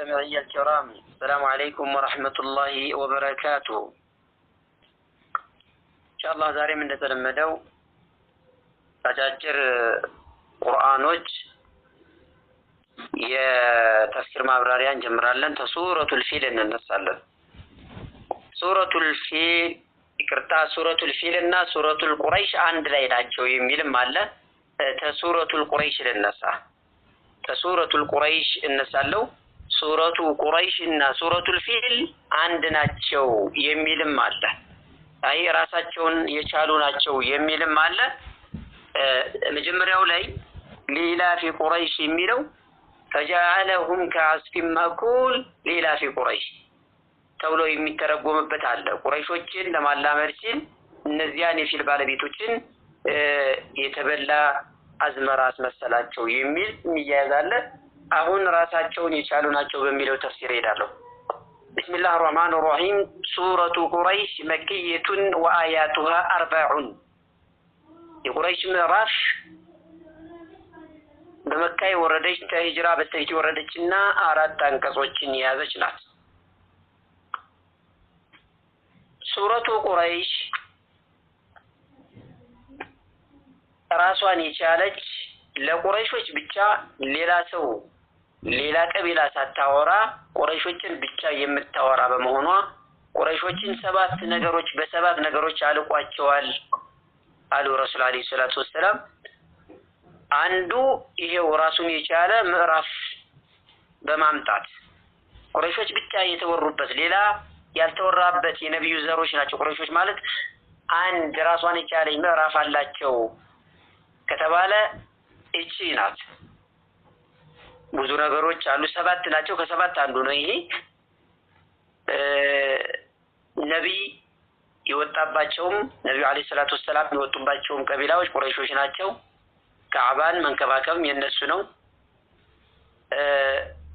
مستمعي الكرام السلام عليكم ورحمة الله وبركاته إن شاء الله ዛሬም እንደተለመደው አጫጭር ቁርአኖች የተፍሲር ማብራሪያ እንጀምራለን። ተሱረቱል ፊል እንነሳለን። ሱረቱል ፊል ይቅርታ፣ ሱረቱል ፊል እና ሱረቱል ቁረይሽ አንድ ላይ ናቸው የሚልም አለ። ተሱረቱል ቁረይሽ ልነሳ ተሱረቱል ቁረይሽ እነሳለው። ሱረቱ ቁረይሽ እና ሱረቱል ፊል አንድ ናቸው የሚልም አለ። አይ ራሳቸውን የቻሉ ናቸው የሚልም አለ። መጀመሪያው ላይ ሊላፊ ቁረይሽ የሚለው ፈጀዐለሁም ከዐስፊን መእኩል ሊላፊ ቁረይሽ ተብሎ የሚተረጎምበት አለ። ቁረይሾችን ለማላመድ ሲል እነዚያን የፊል ባለቤቶችን የተበላ አዝመራ አስመሰላቸው የሚል የሚያያዝ አለ። አሁን ራሳቸውን የቻሉ ናቸው በሚለው ተፍሲር እሄዳለሁ። ብስሚላህ ራህማን ራሒም ሱረቱ ቁረይሽ መክየቱን ወአያቱሃ አርባዑን የቁረይሽ ምዕራፍ በመካ የወረደች ከሂጅራ በስተፊት የወረደች እና አራት አንቀጾችን የያዘች ናት። ሱረቱ ቁረይሽ ራሷን የቻለች ለቁረይሾች ብቻ ሌላ ሰው ሌላ ቀቢላ ሳታወራ ቁረይሾችን ብቻ የምታወራ በመሆኗ ቁረይሾችን ሰባት ነገሮች በሰባት ነገሮች አልቋቸዋል አሉ ረሱል አለይሂ ሰላቱ ወሰላም። አንዱ ይሄው ራሱን የቻለ ምዕራፍ በማምጣት ቁረይሾች ብቻ የተወሩበት ሌላ ያልተወራበት የነቢዩ ዘሮች ናቸው። ቁረይሾች ማለት አንድ ራሷን የቻለች ምዕራፍ አላቸው ከተባለ እቺ ናት። ብዙ ነገሮች አሉ። ሰባት ናቸው። ከሰባት አንዱ ነው ይሄ። ነቢይ የወጣባቸውም ነቢዩ አለ ሰላት ወሰላም የወጡባቸውም ቀቢላዎች ቁረይሾች ናቸው። ከዕባን መንከባከብም የነሱ ነው።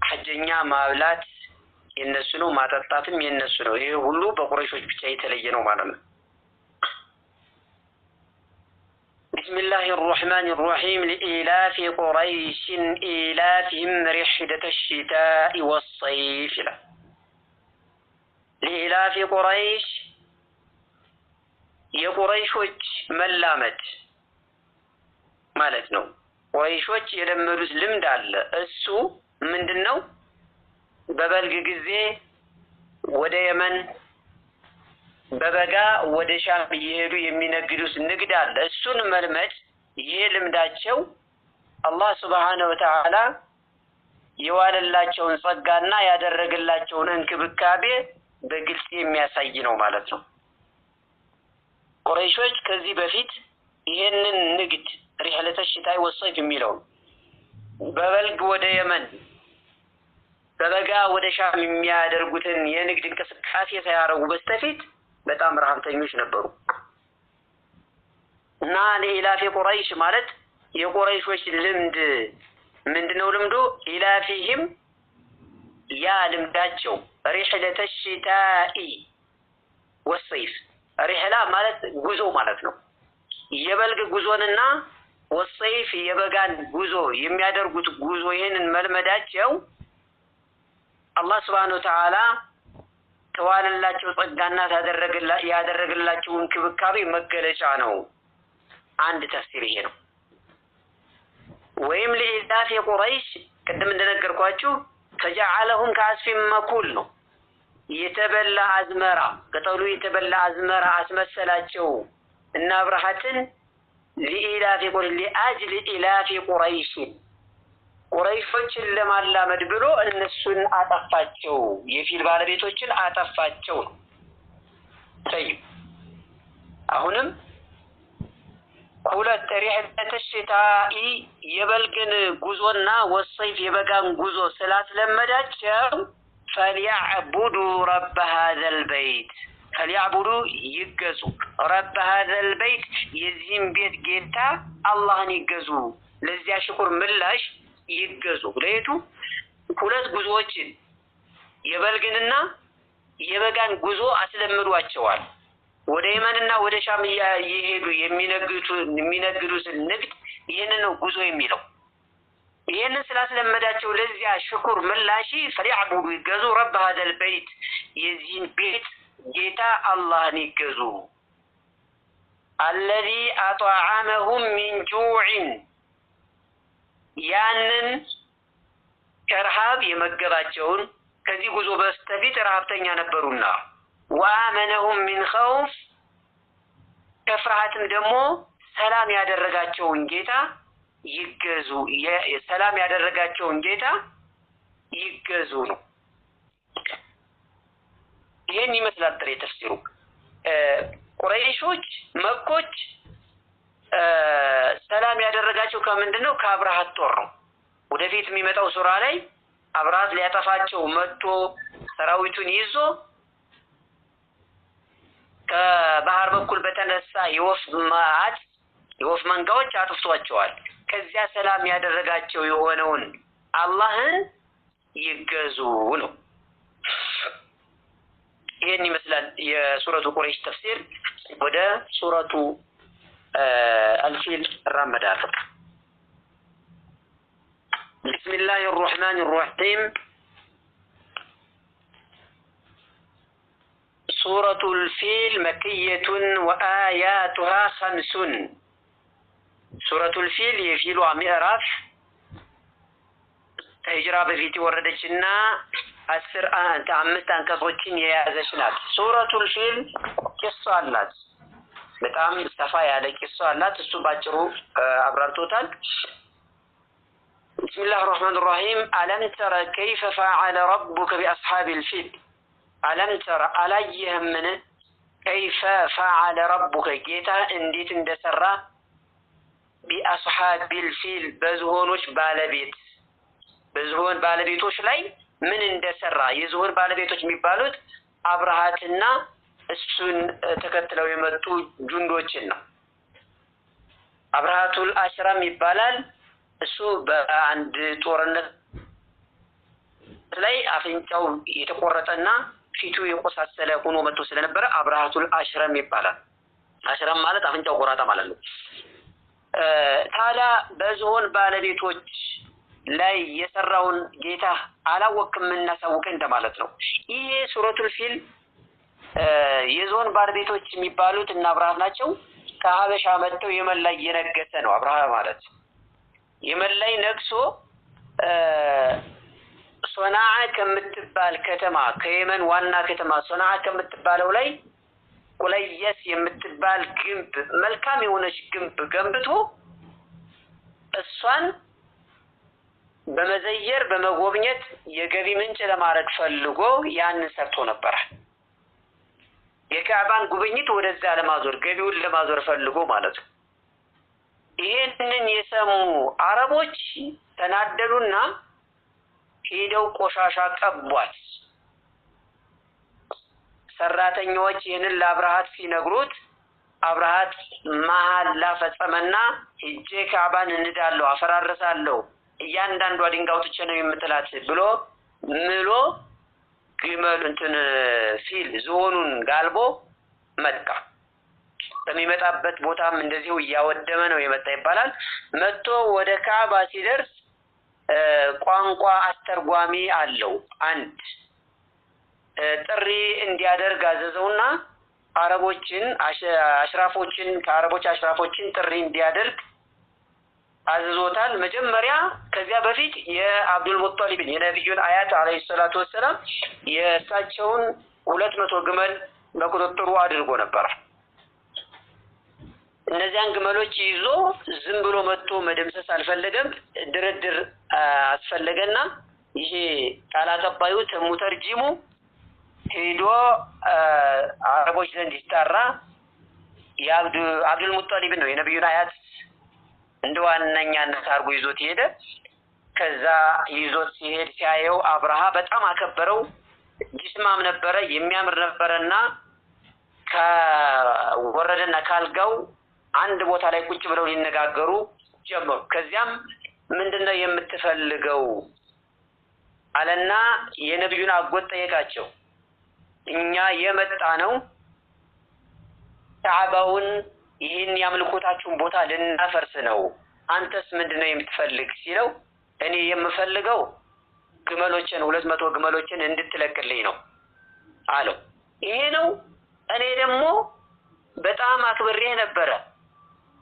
ሐጀኛ ማብላት የነሱ ነው። ማጠጣትም የነሱ ነው። ይሄ ሁሉ በቁረይሾች ብቻ የተለየ ነው ማለት ነው። بسم الله الرحمن الرحيم لإيلاف قريش إيلافهم رحلة الشتاء والصيف له لإيلاف قريش የቁረይሾች መላመድ ማለት ነው። ቁረይሾች የለመዱት ልምድ አለ። እሱ ምንድን ነው? በበልግ ጊዜ ወደ የመን በበጋ ወደ ሻም እየሄዱ የሚነግዱት ንግድ አለ። እሱን መልመድ ይሄ ልምዳቸው አላህ ስብሓነ ወተዓላ የዋለላቸውን ጸጋና ያደረገላቸውን እንክብካቤ በግልጽ የሚያሳይ ነው ማለት ነው። ቁረይሾች ከዚህ በፊት ይሄንን ንግድ ሪሕለተ ሽታይ ወሰይፍ የሚለውን በበልግ ወደ የመን በበጋ ወደ ሻም የሚያደርጉትን የንግድ እንቅስቃሴ ሳያረጉ በስተፊት በጣም ረሃብተኞች ነበሩ እና ለኢላፊ ቁረይሽ ማለት የቁረይሾች ልምድ ምንድነው? ልምዱ ኢላፊህም ያ ልምዳቸው ሪሕለተ ሽታኢ ወሰይፍ ሪሕላ ማለት ጉዞ ማለት ነው። የበልግ ጉዞንና ወሰይፍ የበጋን ጉዞ የሚያደርጉት ጉዞ ይህንን መልመዳቸው አላህ ስብሓነሁ ወተዓላ ተዋለላቸው ጸጋና ያደረግላቸው እንክብካቤ መገለጫ ነው። አንድ ተፍሲር ይሄ ነው። ወይም ለኢዛፍ የቁረይሽ ቅድም እንደነገርኳችሁ ተጃዓለሁም ከአስፊም መኩል ነው። የተበላ አዝመራ ቅጠሉ የተበላ አዝመራ አስመሰላቸው እና ብርሃትን ሊኢላፍ ቁረይሽ ሊአጅል ኢላፍ ቁረይሽን ቁረይሾችን ለማላመድ ብሎ እነሱን አጠፋቸው፣ የፊል ባለቤቶችን አጠፋቸው። ነው። አሁንም ሁለት ሪሕለተ ሽታኢ የበልግን ጉዞና ወሰይፍ የበጋን ጉዞ ስላስለመዳቸው ፈሊያዕቡዱ ረብ ሀዘል በይት ፈሊያዕቡዱ ይገዙ፣ ረብ ሀዘል በይት የዚህም ቤት ጌታ አላህን ይገዙ። ለዚያ ሽኩር ምላሽ ይገዙ። ለየቱ ሁለት ጉዞዎችን የበልግንና የበጋን ጉዞ አስለምዷቸዋል። ወደ የመንና ወደ ሻም እየሄዱ የሚነግዱትን ንግድ ይህንን ነው ጉዞ የሚለው። ይህንን ስላስለመዳቸው ለዚያ ሽኩር ምላሽ ፈሊዕቡዱ ይገዙ፣ ረብ ሀዘል በይት የዚህን ቤት ጌታ አላህን ይገዙ። አለዚ አጣዓመሁም ሚን ጁዕን ያንን ከረሃብ የመገባቸውን ከዚህ ጉዞ በስተፊት ረሃብተኛ ነበሩና ወአመነሁም ሚን ኸውፍ ከፍርሃትም ደግሞ ሰላም ያደረጋቸውን ጌታ ይገዙ ሰላም ያደረጋቸውን ጌታ ይገዙ ነው። ይህን ይመስላል ጥሬ ተፍሲሩ። ቁረይሾች መኮች ሰላም ያደረጋቸው ከምንድን ነው? ከአብርሃት ጦር ነው። ወደፊት የሚመጣው ሱራ ላይ አብርሃት ሊያጠፋቸው መጥቶ ሰራዊቱን ይዞ ከባህር በኩል በተነሳ የወፍ ማዕት የወፍ መንጋዎች አጥፍቷቸዋል። ከዚያ ሰላም ያደረጋቸው የሆነውን አላህን ይገዙ ነው። ይህን ይመስላል የሱረቱ ቁረይሽ ተፍሲር። ወደ ሱረቱ الفيل الرمدات بسم الله الرحمن الرحيم سورة الفيل مكية وآياتها خمس سورة الفيل يفيل عم إراف هجرة بفيتي وردتنا أسر أنت عمت أنك يا سورة الفيل قصة በጣም ሰፋ ያለ ቂሶ አላት። እሱ ባጭሩ አብራርቶታል። ቢስሚላህ ራህማን ራሂም። አለም ተረ ከይፈ ፈዐለ ረቡከ ቢአስሓቢል ፊል። አለም ተረ አላየህምን? ከይፈ ፈዐለ ረቡከ ጌታ እንዴት እንደሰራ ቢአስሓቢል ፊል በዝሆኖች ባለቤት በዝሆን ባለቤቶች ላይ ምን እንደሰራ የዝሆን ባለቤቶች የሚባሉት አብርሃትና እሱን ተከትለው የመጡ ጁንዶችን ነው። አብርሃቱል አሽራም ይባላል። እሱ በአንድ ጦርነት ላይ አፍንጫው የተቆረጠና ፊቱ የቆሳሰለ ሆኖ መጥቶ ስለነበረ አብርሃቱል አሽረም ይባላል። አሽረም ማለት አፍንጫው ቆራጣ ማለት ነው። ታዲያ በዝሆን ባለቤቶች ላይ የሰራውን ጌታ አላወቅም እናሳውቅ እንደማለት ነው። ይሄ ሱረቱል ፊል የዞን ባለቤቶች የሚባሉት እና አብርሃ ናቸው። ከሀበሻ መጥተው የመን ላይ እየነገሰ ነው አብርሃ ማለት የመን ላይ ነግሶ ሶናዓ ከምትባል ከተማ ከየመን ዋና ከተማ ሶናዓ ከምትባለው ላይ ቁለየስ የምትባል ግንብ መልካም የሆነች ግንብ ገንብቶ እሷን በመዘየር በመጎብኘት የገቢ ምንጭ ለማድረግ ፈልጎ ያንን ሰርቶ ነበራል። የካዕባን ጉብኝት ወደዛ ለማዞር ገቢውን ለማዞር ፈልጎ ማለት ነው። ይህንን የሰሙ አረቦች ተናደዱና ሄደው ቆሻሻ ቀቧል ሰራተኛዎች ይህንን ለአብርሃት ሲነግሩት አብርሃት መሀል ላፈጸመና ሂጄ ካዕባን እንዳለው አፈራርሳለሁ እያንዳንዷ ድንጋይ ነው የምትላት ብሎ ምሎ ግመል እንትን ሲል ዝሆኑን ጋልቦ መጣ። በሚመጣበት ቦታም እንደዚሁ እያወደመ ነው የመጣ ይባላል። መጥቶ ወደ ካዕባ ሲደርስ ቋንቋ አስተርጓሚ አለው። አንድ ጥሪ እንዲያደርግ አዘዘውና አረቦችን አሽራፎችን ከአረቦች አሽራፎችን ጥሪ እንዲያደርግ አዝዞታል። መጀመሪያ ከዚያ በፊት የአብዱል ሙጠሊብን የነቢዩን አያት አለይሂ ሰላቱ ወሰላም የእሳቸውን ሁለት መቶ ግመል በቁጥጥሩ አድርጎ ነበር። እነዚያን ግመሎች ይዞ ዝም ብሎ መጥቶ መደምሰስ አልፈለገም። ድርድር አስፈለገና ይሄ ቃል አቀባዩ ተሙ ተርጂሙ ሄዶ አረቦች ዘንድ ይጣራ የአብዱል ሙጠሊብን ነው የነቢዩን አያት እንደ ዋነኛነት አድርጎ ይዞት ሄደ። ከዛ ይዞት ሲሄድ ሲያየው አብርሃ በጣም አከበረው። ይስማም ነበረ፣ የሚያምር ነበረ እና ከወረደና ካልጋው አንድ ቦታ ላይ ቁጭ ብለው ሊነጋገሩ ጀመሩ። ከዚያም ምንድን ነው የምትፈልገው አለና የነቢዩን አጎት ጠየቃቸው። እኛ የመጣ ነው ካዕባውን ይህን ያምልኮታችሁን ቦታ ልናፈርስ ነው፣ አንተስ ምንድን ነው የምትፈልግ ሲለው እኔ የምፈልገው ግመሎችን ሁለት መቶ ግመሎችን እንድትለቅልኝ ነው አለው። ይሄ ነው እኔ ደግሞ በጣም አክብሬህ ነበረ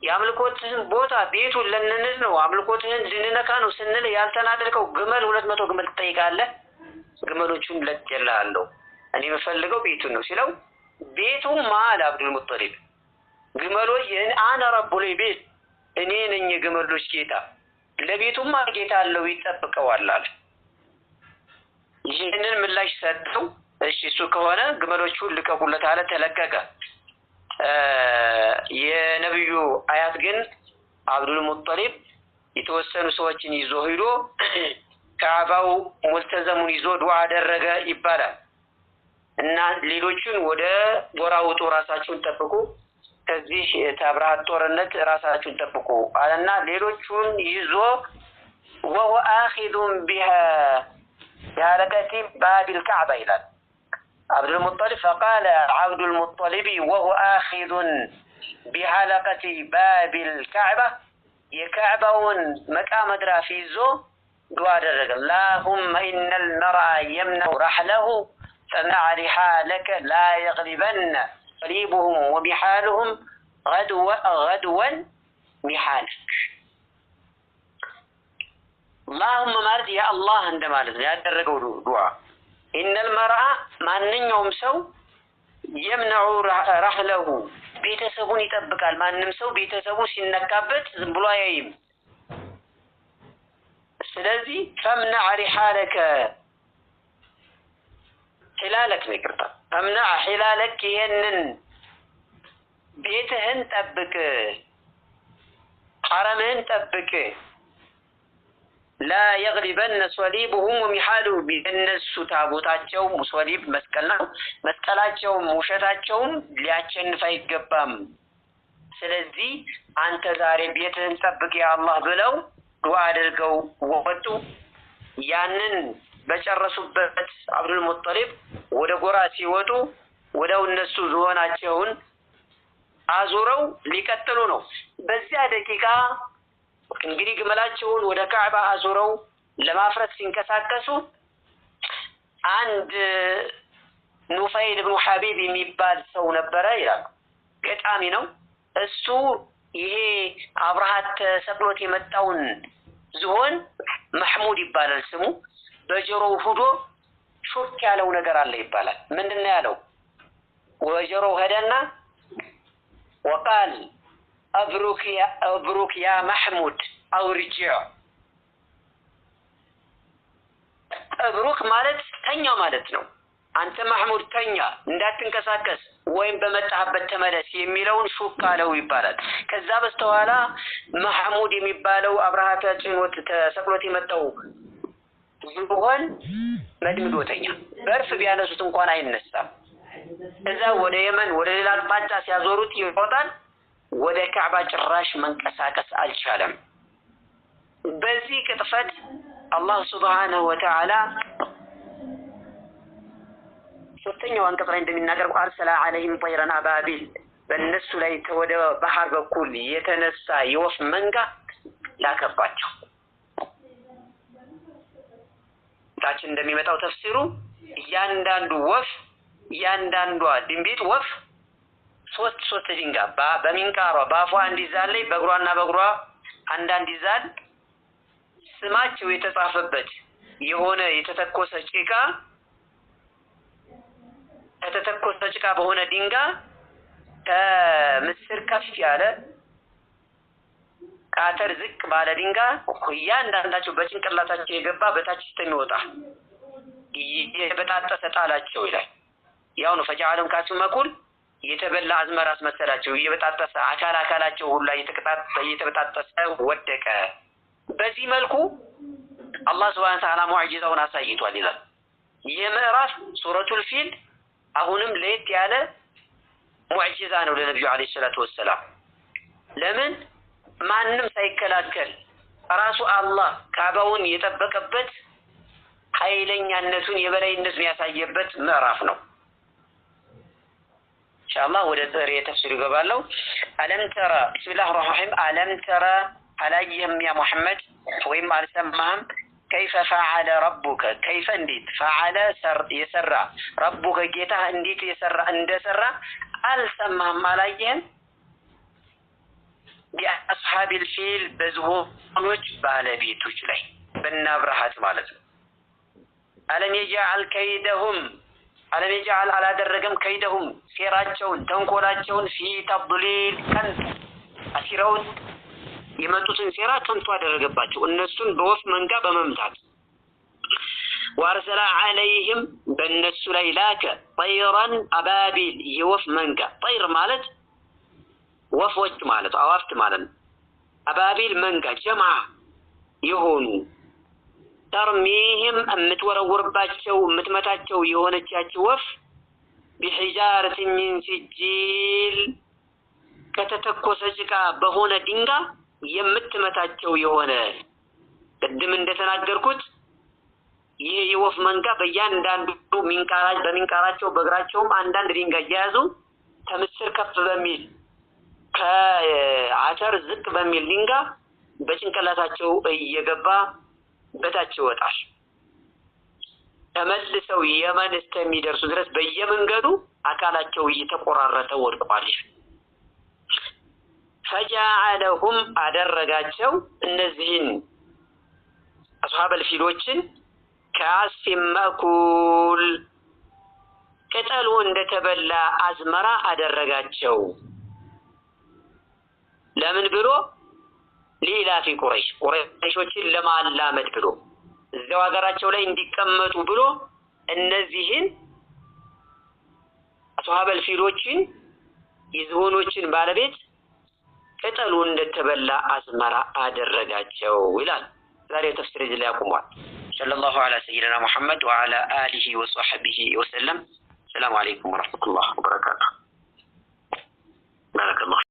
የአምልኮትህን ቦታ ቤቱን ልንንድ ነው አምልኮትህን ልንነካ ነው ስንል ያልተናደድከው ግመል ሁለት መቶ ግመል ትጠይቃለህ፣ ግመሎቹን ለቅቄልሃለሁ እኔ የምፈልገው ቤቱን ነው ሲለው ቤቱማ አለ አብዱል ሙጠሊብ ግመሎች አነ ረቡል ቤት እኔ ነኝ የግመሎች ጌታ፣ ለቤቱም ጌታ አለው ይጠብቀዋል አለ። ይህንን ምላሽ ሰጠው። እሺ እሱ ከሆነ ግመሎቹ ልቀቁለት አለ። ተለቀቀ። የነብዩ አያት ግን አብዱል ሙጠሊብ የተወሰኑ ሰዎችን ይዞ ሂዶ ከአባው ሙልተዘሙን ይዞ ዱዓ አደረገ ይባላል እና ሌሎቹን ወደ ጎራ ውጡ፣ ራሳችሁን ጠብቁ ከዚህ ተብርሃት ጦርነት ራሳችሁን ጠብቁ አለና ሌሎቹን ይዞ ወሁ አኪዱን ቢሃ ያለቀቲ ባቢል ካዕባ ይላል አብዱልሙጠሊብ ፈቃለ አብዱልሙጠሊቢ ወሁ አኪዱን ቢሐለቀቲ ባቢል ካዕባ የካዕባውን መቃመድራፍ ይዞ ዱዓ አደረገ። ላሁመ ኢነል መርአ የምነው ራሕለሁ ፈመዓ ሪሓለከ ላ የግሊበነ صليبهم وبحالهم غدو غدوا بحالك اللهم ማለት ያ እንደማለት ነው ያደረገው ዱዓ ኢነል መርአ ማንኛውም ሰው የምነዑ ራህለሁ ቤተሰቡን ይጠብቃል። ማንም ሰው ቤተሰቡ ሲነካበት ዝም ብሎ አያይም። ስለዚህ ፈምነዕ ሪሓለከ ሂላለክ ነው ይቅርታ እምና ሒላለክ ይሄንን ቤትህን ጠብቅ፣ ሐረምህን ጠብቅ። ላ የግሊበነ ሶሊብሁም ወሚሓሉ የእነሱ ታቦታቸውም ሶሊብ መስቀል ነው። መስቀላቸውም ውሸታቸውም ሊያሸንፍ አይገባም። ስለዚህ አንተ ዛሬ ቤትህን ጠብቅ የአላህ ብለው ዱዓ አድርገው ወጡ ያንን በጨረሱበት አብዱል ሙጠሊብ ወደ ጎራ ሲወጡ ወደው እነሱ ዝሆናቸውን አዙረው ሊቀጥሉ ነው። በዚያ ደቂቃ እንግዲህ ግመላቸውን ወደ ካዕባ አዙረው ለማፍረት ሲንቀሳቀሱ አንድ ኑፈይል ብኑ ሐቢብ የሚባል ሰው ነበረ ይላሉ። ገጣሚ ነው። እሱ ይሄ አብርሃት ተሰቅሎት የመጣውን ዝሆን መሕሙድ ይባላል ስሙ በጆሮው ሁዶ ሹክ ያለው ነገር አለ ይባላል። ምንድን ነው ያለው? በጆሮው ሄደና ወቃል አብሩክ ያ ማህሙድ አውርጂ እብሩክ ማለት ተኛ ማለት ነው። አንተ ማህሙድ ተኛ፣ እንዳትንቀሳቀስ ወይም በመጣህበት ተመለስ የሚለውን ሹክ አለው ይባላል። ከዛ በስተኋላ ማህሙድ የሚባለው አብርሃ ተጭኖት ተሰቅሎት የመጣው ቢሆን መድምዶተኛ በእርፍ ቢያነሱት እንኳን አይነሳም። እዛ ወደ የመን ወደ ሌላ አቅጣጫ ሲያዞሩት ይወጣል። ወደ ካዕባ ጭራሽ መንቀሳቀስ አልቻለም። በዚህ ቅጥፈት አላህ ሱብሓነሁ ወተዓላ ሶስተኛው አንቀጽ ላይ እንደሚናገር አርሰላ አለይሂም ጠይረን አባቢል በእነሱ ላይ ወደ ባህር በኩል የተነሳ የወፍ መንጋ ላከባቸው። ታችን እንደሚመጣው ተፍሲሩ እያንዳንዱ ወፍ እያንዳንዷ ድንቢጥ ወፍ ሶስት ሶስት ድንጋ በሚንቃሯ በአፏ እንዲዛል ላይ በእግሯና በእግሯ አንዳንድ ይዛል ስማቸው የተጻፈበት የሆነ የተተኮሰ ጭቃ ከተተኮሰ ጭቃ በሆነ ድንጋ ከምስር ከፍ ያለ ከአተር ዝቅ ባለ ድንጋይ እያንዳንዳቸው በጭንቅላታቸው የገባ በታች ስተሚወጣ የበጣጠሰ ጣላቸው ይላል። ያው ነው ፈጃአለም ካሲም መኩል የተበላ አዝመራ አስመሰላቸው። እየበጣጠሰ አካል አካላቸው ሁላ እየተበጣጠሰ ወደቀ። በዚህ መልኩ አላህ ስብሐነ ተዓላ ሙዕጂዛውን አሳይቷል ይላል። ይህ ምዕራፍ ሱረቱል ፊል አሁንም ለየት ያለ ሙዕጂዛ ነው ለነቢዩ ዓለይሂ ሰላቱ ወሰላም ለምን ማንም ሳይከላከል ራሱ አላህ ካባውን የጠበቀበት ኃይለኛነቱን የበላይነቱን ያሳየበት ምዕራፍ ነው። ኢንሻአላህ ወደ ጥሬ ተፍሲሩ ይገባለሁ። አለም ተራ ቢስሚላህ ረህማን አለም ተራ አላየህም ያ ሙሐመድ ወይም አልሰማህም ከይፈ ፈዓለ ረቡከ ከይፈ እንዴት ፈዓለ የሰራ ረቡከ ጌታ እንዴት የሰራ እንደሰራ አልሰማህም አላየህም የአስሓቢል ፊል በዝሆኖች ባለቤቶች ላይ በናብረሃት ማለት ነው። አለም የጃአል ከይደሁም አለም የጃአል አላደረገም ከይደሁም ሴራቸውን ተንኮላቸውን ፊ ተብሊል ከንቱ አሲረውን የመጡትን ሴራ ከንቱ አደረገባቸው እነሱን በወፍ መንጋ በመምታት ወአርሰላ አለይህም በእነሱ ላይ ላከ ጠይረን አባቢል የወፍ መንጋ ጠይር ማለት ወፎች ማለት አዋፍት ማለት ነው። አባቢል መንጋ ጀማ የሆኑ ተርሚህም የምትወረውርባቸው የምትመታቸው የሆነቻቸው ወፍ ቢሒጃረት ሚን ሲጂል ከተተኮሰ ጭቃ በሆነ ድንጋይ የምትመታቸው የሆነ ቅድም እንደተናገርኩት ይህ የወፍ መንጋ በእያንዳንዱ ሚንቃራ በሚንቃራቸው በእግራቸውም አንዳንድ ድንጋይ እየያዙ ከምስር ከፍ በሚል ከአተር ዝቅ በሚል ድንጋይ በጭንቅላታቸው እየገባ በታች ይወጣል። ተመልሰው የመን እስከሚደርሱ ድረስ በየመንገዱ አካላቸው እየተቆራረጠ ወድቋል። ፈጃአለሁም አደረጋቸው እነዚህን አስሐበል ፊሎችን ከአስፊን መእኩል ቅጠሉ እንደተበላ አዝመራ አደረጋቸው። ለምን ብሎ ሊኢላፊ ቁረይሽ ቁረይሾችን ለማላመድ ብሎ እዚያው ሀገራቸው ላይ እንዲቀመጡ ብሎ እነዚህን አስዋበል ፊሎችን የዝሆኖችን ባለቤት ቅጠሉ እንደተበላ አዝመራ አደረጋቸው ይላል። ዛሬ ተፍሲር እዚህ ላይ አቁሟል። ሰለላሁ ዐላ ሰይድና ሙሐመድ ወዐላ አሊሂ ወሰሐቢሂ ወሰለም። ሰላሙ አለይኩም ወረሕመቱላህ ወበረካቱ። ባረከላሁ